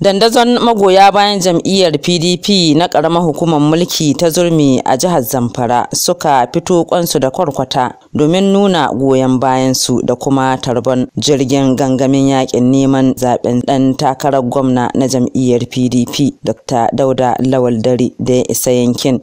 dandazon magoya bayan jam'iyyar pdp na ƙaramar hukumar mulki ta zurmi a jihar zamfara suka fito kwansu da kwarkwata domin nuna goyon bayansu da kuma tarbon jirgin gangamin yakin neman zaben ɗan takarar gwamna na jam'iyyar pdp dr dauda lawal dare da ya isa yankin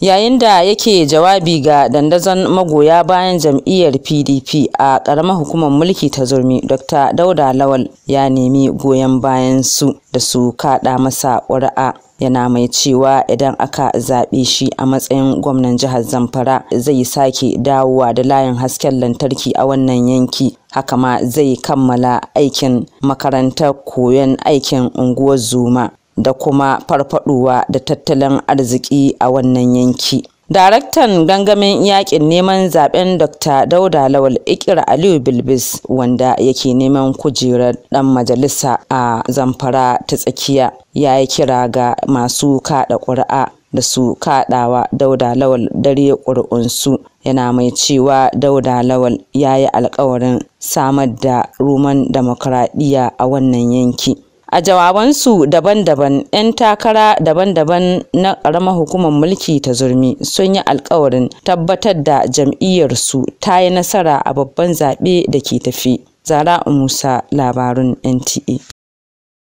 yayin da yake jawabi ga dandazon magoya bayan jam'iyyar pdp a ƙaramar hukumar mulki ta zurmi dr dauda lawal ya nemi goyon bayan su da su kaɗa masa ƙuri'a yana mai cewa idan aka zaɓe shi a matsayin gwamnan jihar zamfara zai sake dawowa da layin hasken lantarki a wannan yanki haka ma zai kammala aikin makarantar koyon aikin unguwar zuma da kuma farfaduwa da tattalin arziki a wannan yanki. Daraktan gangamin yakin neman zaben Dr. Dauda Lawal Ikira Aliyu Bilbis wanda yake neman kujerar ɗan majalisa a zamfara ta tsakiya ya yi kira ga masu kaɗa ƙuri'a da su kaɗawa Dauda Lawal dare ƙuri'unsu yana mai cewa Dauda Lawal ya yi alkawarin samar da ruman demokradiyya a wannan yanki. a jawabansu daban-daban 'yan takara daban-daban na ƙaramar hukumar mulki ta zurmi sun yi alkawarin tabbatar da jam'iyyarsu ta yi nasara a babban zaɓe da ke tafi zara musa labarun nta